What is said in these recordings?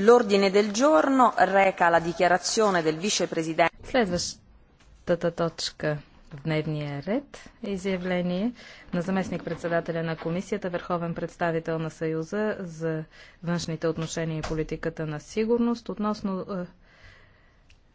L'ordine del giorno reca la dichiarazione del vicepresidente. Следващата точка в дневния ред е изявление на заместник-председателя на комисията, върховен представител на Съюза за външните отношения и политиката на сигурност относно е,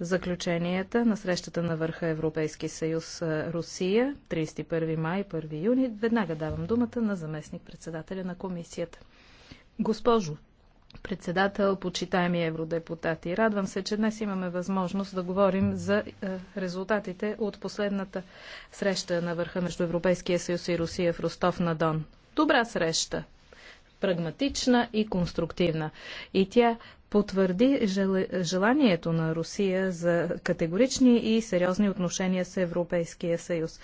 заключенията на срещата на върха Европейски съюз е, Русия 31 май 1 юни. Веднага давам думата на заместник-председателя на комисията. Госпожо председател, почитаеми евродепутати. Радвам се, че днес имаме възможност да говорим за е, резултатите от последната среща на върха между Европейския съюз и Русия в Ростов на Дон. Добра среща, прагматична и конструктивна. И тя потвърди желанието на Русия за категорични и сериозни отношения с Европейския съюз.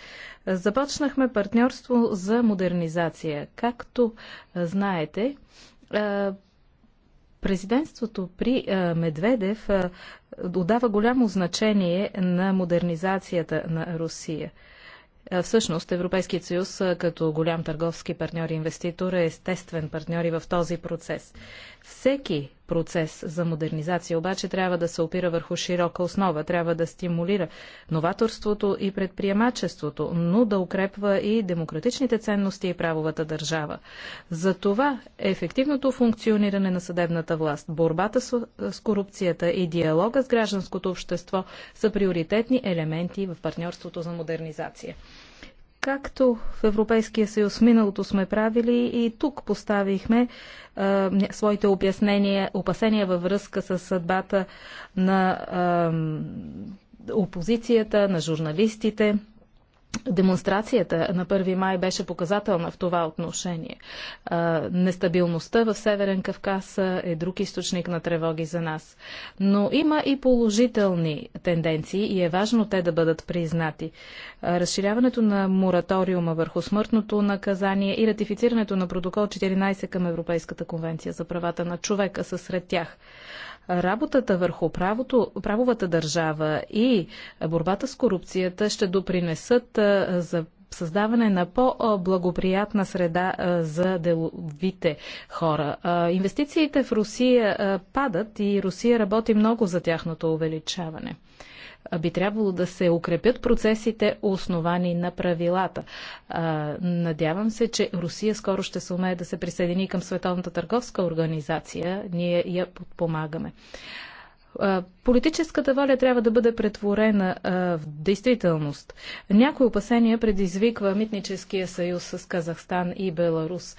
Започнахме партньорство за модернизация. Както знаете, е, Президентството при е, Медведев е, отдава голямо значение на модернизацията на Русия. Е, всъщност Европейският съюз като голям търговски партньор и инвеститор е естествен партньор и в този процес. Всеки процес за модернизация, обаче трябва да се опира върху широка основа, трябва да стимулира новаторството и предприемачеството, но да укрепва и демократичните ценности и правовата държава. За това ефективното функциониране на съдебната власт, борбата с, корупцията и диалога с гражданското общество са приоритетни елементи в партньорството за модернизация. Както в Европейския съюз миналото сме правили и тук поставихме а, своите обяснения, опасения във връзка с съдбата на а, опозицията, на журналистите. Демонстрацията на 1 май беше показателна в това отношение. Нестабилността в Северен Кавказ е друг източник на тревоги за нас. Но има и положителни тенденции и е важно те да бъдат признати. Разширяването на мораториума върху смъртното наказание и ратифицирането на протокол 14 към Европейската конвенция за правата на човека са сред тях. Работата върху правото, правовата държава и борбата с корупцията ще допринесат за създаване на по-благоприятна среда за деловите хора. Инвестициите в Русия падат и Русия работи много за тяхното увеличаване би трябвало да се укрепят процесите, основани на правилата. Надявам се, че Русия скоро ще се умее да се присъедини към Световната търговска организация. Ние я подпомагаме. Политическата воля трябва да бъде претворена в действителност. Някои опасения предизвиква Митническия съюз с Казахстан и Беларус.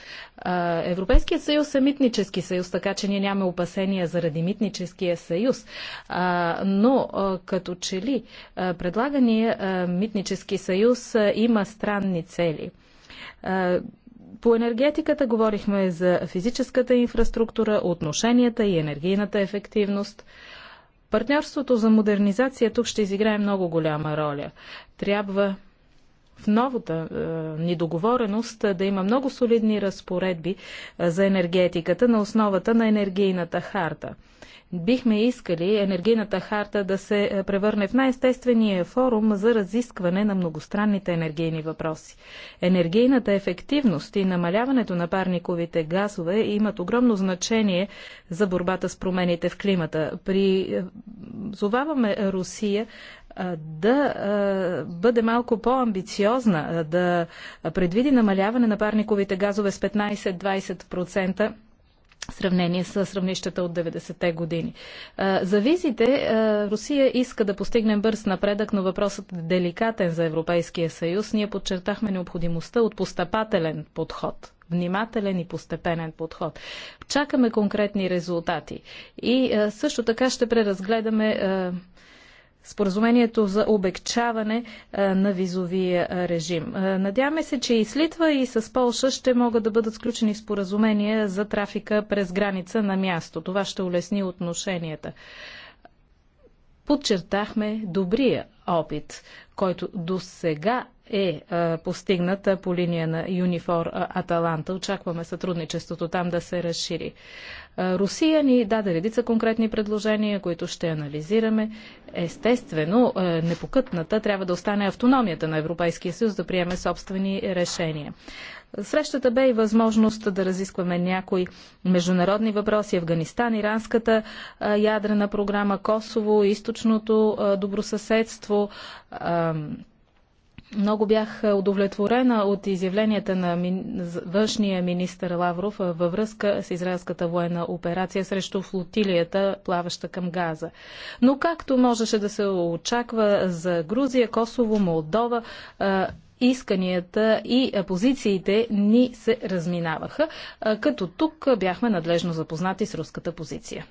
Европейският съюз е Митнически съюз, така че ние нямаме опасения заради Митническия съюз. Но като че ли предлагания Митнически съюз има странни цели. По енергетиката говорихме за физическата инфраструктура, отношенията и енергийната ефективност. Партньорството за модернизация тук ще изиграе много голяма роля. Трябва в новата е, ни договореност е, да има много солидни разпоредби е, за енергетиката на основата на енергийната харта. Бихме искали енергийната харта да се е, превърне в най-естествения форум за разискване на многостранните енергийни въпроси. Енергийната ефективност и намаляването на парниковите газове имат огромно значение за борбата с промените в климата. Призоваваме Русия да бъде малко по-амбициозна, да предвиди намаляване на парниковите газове с 15-20% в сравнение с сравнищата от 90-те години. За визите Русия иска да постигне бърз напредък, но въпросът е деликатен за Европейския съюз. Ние подчертахме необходимостта от постъпателен подход внимателен и постепенен подход. Чакаме конкретни резултати. И също така ще преразгледаме споразумението за обекчаване е, на визовия е, режим. Е, надяваме се, че и с Литва и с Полша ще могат да бъдат сключени споразумения за трафика през граница на място. Това ще улесни отношенията. Подчертахме добрия опит, който до сега е постигната по линия на Юнифор Аталанта. Очакваме сътрудничеството там да се разшири. Русия ни даде редица конкретни предложения, които ще анализираме. Естествено, е, непокътната трябва да остане автономията на Европейския съюз да приеме собствени решения. Срещата бе и възможност да разискваме някои международни въпроси. Афганистан, иранската ядрена програма, Косово, източното добросъседство, много бях удовлетворена от изявленията на ми... външния министр Лавров във връзка с израелската военна операция срещу флотилията, плаваща към Газа. Но както можеше да се очаква за Грузия, Косово, Молдова, исканията и позициите ни се разминаваха, като тук бяхме надлежно запознати с руската позиция.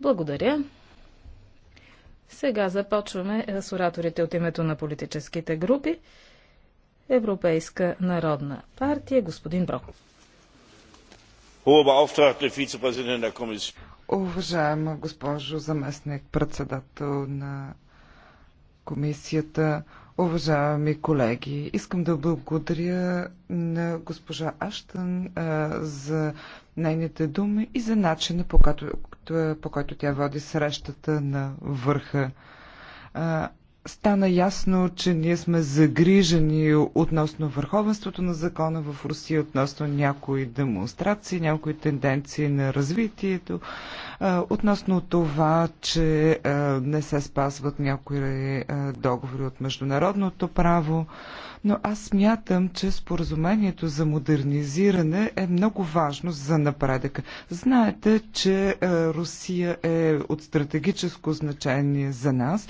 Благодаря. Сега започваме е, с ораторите от името на политическите групи. Европейска народна партия, господин Брок. Уважаема госпожо заместник председател на комисията, Уважаеми колеги, искам да благодаря на госпожа Аштън а, за нейните думи и за начина по който, по който тя води срещата на върха. А, стана ясно, че ние сме загрижени относно върховенството на закона в Русия, относно някои демонстрации, някои тенденции на развитието относно това, че не се спазват някои е, договори от международното право, но аз смятам, че споразумението за модернизиране е много важно за напредъка. Знаете, че е, Русия е от стратегическо значение за нас.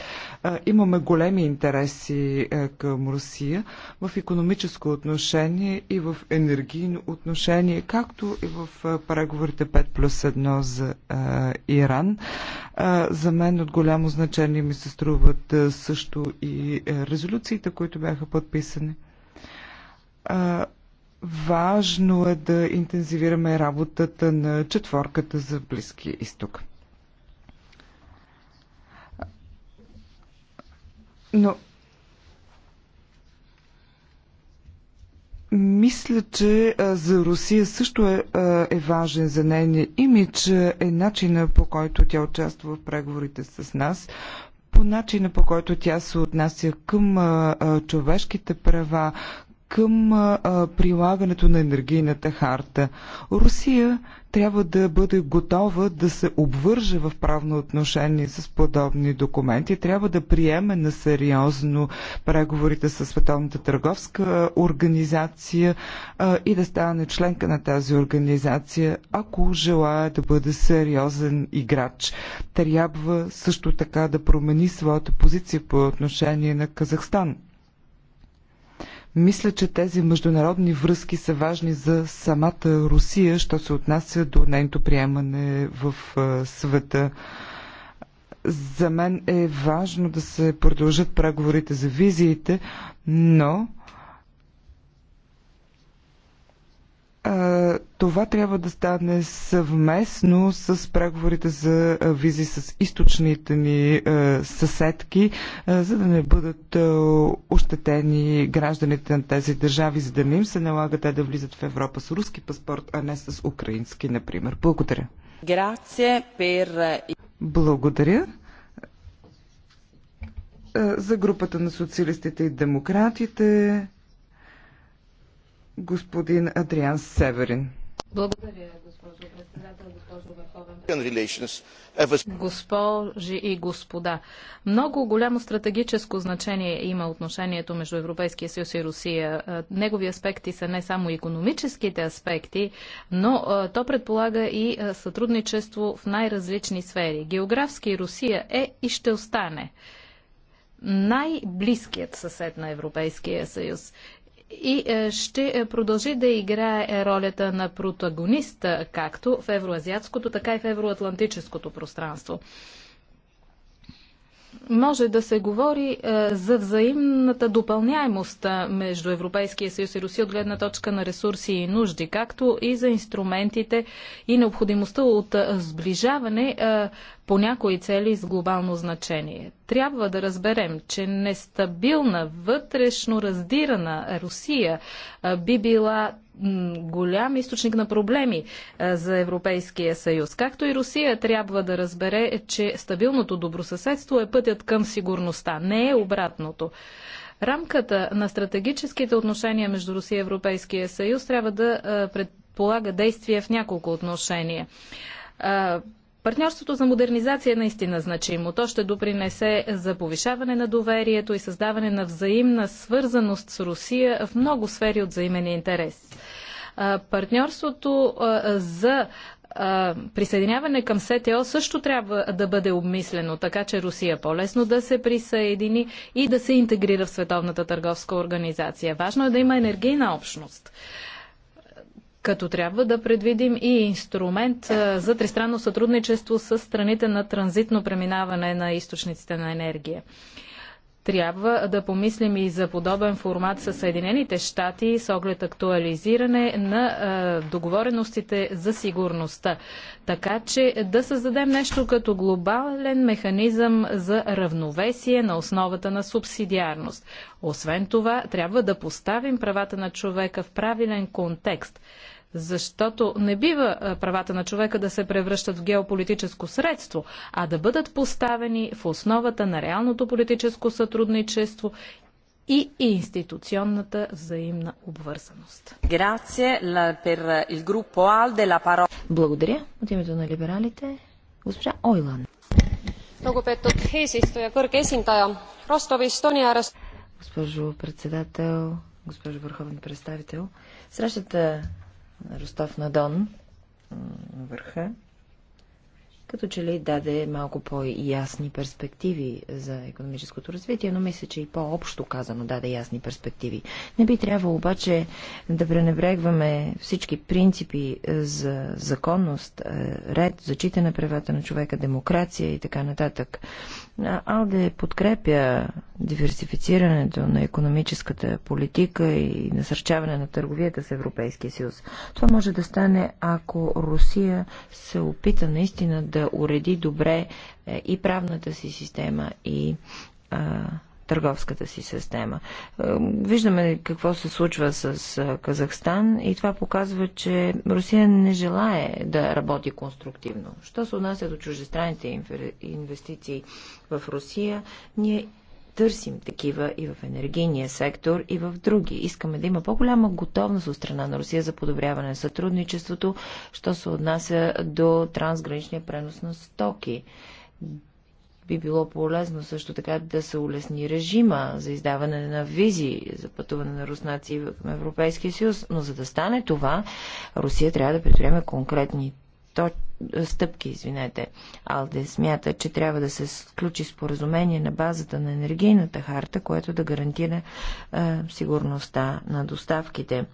Имаме големи интереси е, към Русия в економическо отношение и в енергийно отношение, както и в преговорите 5 плюс 1 за Иран. За мен от голямо значение ми се струват също и е, резолюциите, които бяха подписани. Важно е да интензивираме работата на четворката за Близки изток. Но Мисля, че за Русия също е, е важен за нейния имидж, е начина по който тя участва в преговорите с нас, по начина по който тя се отнася към човешките права, към а, прилагането на енергийната харта. Русия трябва да бъде готова да се обвърже в правно отношение с подобни документи, трябва да приеме на сериозно преговорите с Световната търговска организация а, и да стане членка на тази организация, ако желая да бъде сериозен играч. Трябва също така да промени своята позиция по отношение на Казахстан. Мисля, че тези международни връзки са важни за самата Русия, що се отнася до нейното приемане в света. За мен е важно да се продължат преговорите за визиите, но това трябва да стане съвместно с преговорите за визи с източните ни съседки, за да не бъдат ощетени гражданите на тези държави, за да не им се налага те да влизат в Европа с руски паспорт, а не с украински, например. Благодаря. Благодаря. За групата на социалистите и демократите господин Адриан Северин. Благодаря, госпожо председател, госпожо върховен. Госпожи и господа, много голямо стратегическо значение има отношението между Европейския съюз и Русия. Негови аспекти са не само економическите аспекти, но то предполага и сътрудничество в най-различни сфери. Географски Русия е и ще остане най-близкият съсед на Европейския съюз и е, ще е, продължи да играе е, ролята на протагониста, както в евроазиатското, така и в евроатлантическото пространство може да се говори е, за взаимната допълняемост е, между Европейския съюз и Русия от гледна точка на ресурси и нужди, както и за инструментите и необходимостта от е, сближаване по някои цели с глобално значение. Трябва да разберем, че нестабилна, вътрешно раздирана Русия би била голям източник на проблеми е, за Европейския съюз. Както и Русия трябва да разбере, че стабилното добросъседство е пътят към сигурността, не е обратното. Рамката на стратегическите отношения между Русия и Европейския съюз трябва да е, предполага действия в няколко отношения е, Партньорството за модернизация е наистина значимо. То ще допринесе за повишаване на доверието и създаване на взаимна свързаност с Русия в много сфери от взаимен интерес. Партньорството за присъединяване към СТО също трябва да бъде обмислено, така че Русия е по-лесно да се присъедини и да се интегрира в Световната търговска организация. Важно е да има енергийна общност като трябва да предвидим и инструмент за тристранно сътрудничество с страните на транзитно преминаване на източниците на енергия. Трябва да помислим и за подобен формат с Съединените щати с оглед актуализиране на договореностите за сигурността. Така че да създадем нещо като глобален механизъм за равновесие на основата на субсидиарност. Освен това, трябва да поставим правата на човека в правилен контекст. Защото не бива правата на човека да се превръщат в геополитическо средство, а да бъдат поставени в основата на реалното политическо сътрудничество и институционната взаимна обвързаност. Благодаря. От името на либералите, госпожа Ойлан. Госпожо председател, госпожо върховен представител, срещата Ростов на Дон, върха, като че ли даде малко по-ясни перспективи за економическото развитие, но мисля, че и по-общо казано даде ясни перспективи. Не би трябвало обаче да пренебрегваме всички принципи за законност, е, ред, зачитане правата на човека, демокрация и така нататък. Алде подкрепя диверсифицирането на економическата политика и насърчаване на търговията с Европейския съюз. Това може да стане, ако Русия се опита наистина да уреди добре е, и правната си система, и а, търговската си система. Е, виждаме какво се случва с е, Казахстан и това показва, че Русия не желае да работи конструктивно. Що се отнася до чуждестранните инвестиции в Русия, ние търсим такива и в енергийния сектор, и в други. Искаме да има по-голяма готовност от страна на Русия за подобряване на сътрудничеството, що се отнася до трансграничния пренос на стоки би било полезно също така да се улесни режима за издаване на визи за пътуване на руснаци към Европейския съюз, но за да стане това, Русия трябва да предприеме конкретни точки стъпки, извинете. Алде смята, че трябва да се включи споразумение на базата на енергийната харта, което да гарантира е, сигурността на доставките.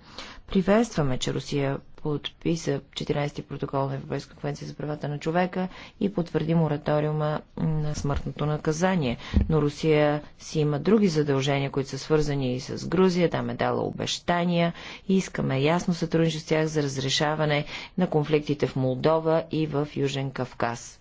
Приветстваме, че Русия подписа 14-ти протокол на Европейска конвенция за правата на човека и потвърди мораториума на смъртното наказание. Но Русия си има други задължения, които са свързани и с Грузия. Там е дала обещания и искаме ясно сътрудничество с тях за разрешаване на конфликтите в Молдова и и в Южен Кавказ.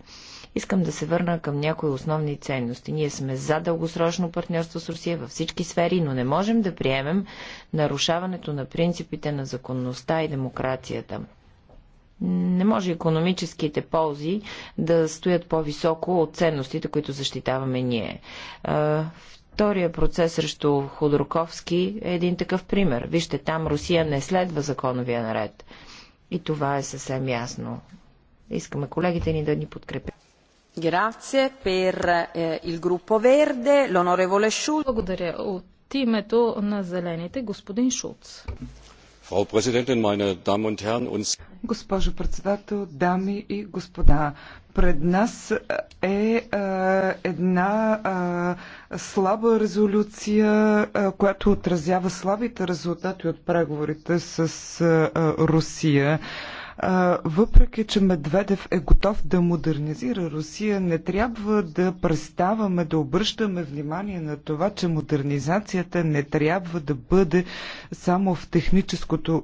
Искам да се върна към някои основни ценности. Ние сме за дългосрочно партньорство с Русия във всички сфери, но не можем да приемем нарушаването на принципите на законността и демокрацията. Не може економическите ползи да стоят по-високо от ценностите, които защитаваме ние. Втория процес срещу Ходорковски е един такъв пример. Вижте, там Русия не следва законовия наред. И това е съвсем ясно. Искаме колегите ни да ни подкрепят. Е, Благодаря. От името на зелените, господин Шулц. Frau Präsidentin, meine Damen und Herren, uns... Госпожо председател, дами и господа, пред нас е, е една е, слаба резолюция, която отразява слабите резултати от преговорите с Русия въпреки, че Медведев е готов да модернизира Русия, не трябва да представаме, да обръщаме внимание на това, че модернизацията не трябва да бъде само в техническото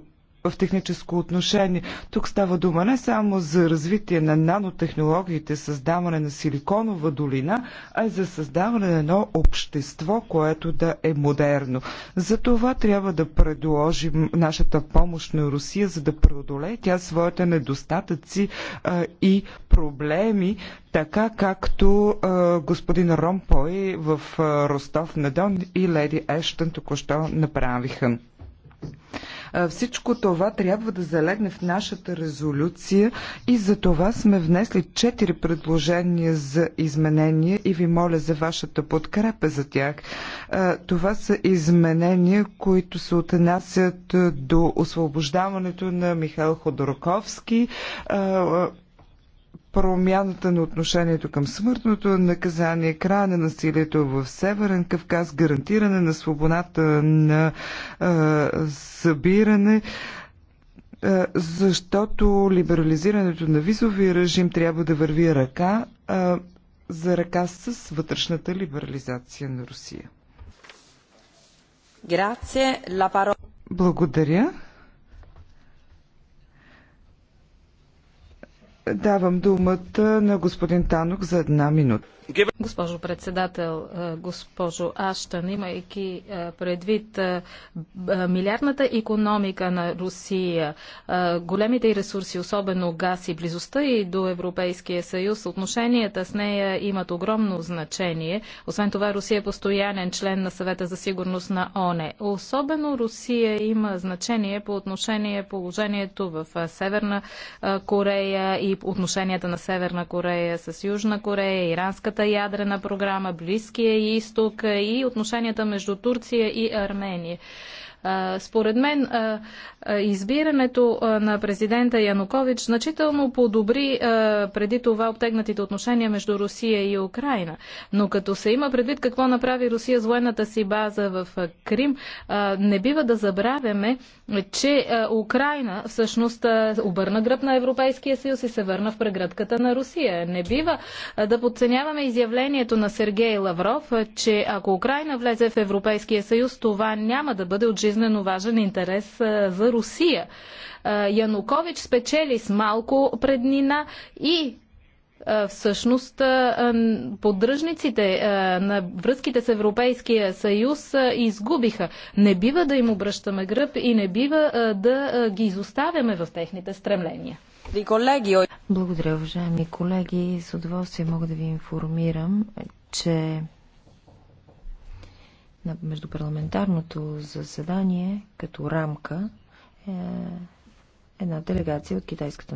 в техническо отношение. Тук става дума не само за развитие на нанотехнологиите, създаване на силиконова долина, а и за създаване на едно общество, което да е модерно. За това трябва да предложим нашата помощ на Русия, за да преодолее тя своите недостатъци а, и проблеми, така както а, господин Ромпой в а, Ростов на Дон и леди Ештън току-що направиха. Всичко това трябва да залегне в нашата резолюция и за това сме внесли четири предложения за изменения и ви моля за вашата подкрепа за тях. Това са изменения, които се отнасят до освобождаването на Михаил Ходорковски, промяната на отношението към смъртното наказание, края на насилието в Северен Кавказ, гарантиране на свободата на а, събиране защото либерализирането на визовия режим трябва да върви ръка а, за ръка с вътрешната либерализация на Русия. Благодаря. Давам думата на господин Танок за една минута. Госпожо председател, госпожо Аштан, имайки предвид милиардната економика на Русия, големите ресурси, особено газ и близостта и до Европейския съюз, отношенията с нея имат огромно значение. Освен това, Русия е постоянен член на съвета за сигурност на ОНЕ. Особено Русия има значение по отношение положението в Северна Корея и отношенията на Северна Корея с Южна Корея, Иранската ядрена програма, Близкия изток и отношенията между Турция и Армения. Според мен избирането на президента Янукович значително подобри преди това обтегнатите отношения между Русия и Украина. Но като се има предвид какво направи Русия с военната си база в Крим, не бива да забравяме, че Украина всъщност обърна гръб на Европейския съюз и се върна в прегръдката на Русия. Не бива да подценяваме изявлението на Сергей Лавров, че ако Украина влезе в Европейския съюз, това няма да бъде от жизнено важен интерес за Русия. Янукович спечели с малко преднина и всъщност поддръжниците на връзките с Европейския съюз изгубиха. Не бива да им обръщаме гръб и не бива да ги изоставяме в техните стремления. Благодаря, уважаеми колеги. С удоволствие мога да ви информирам, че на междупарламентарното заседание като рамка е една делегация от Китайската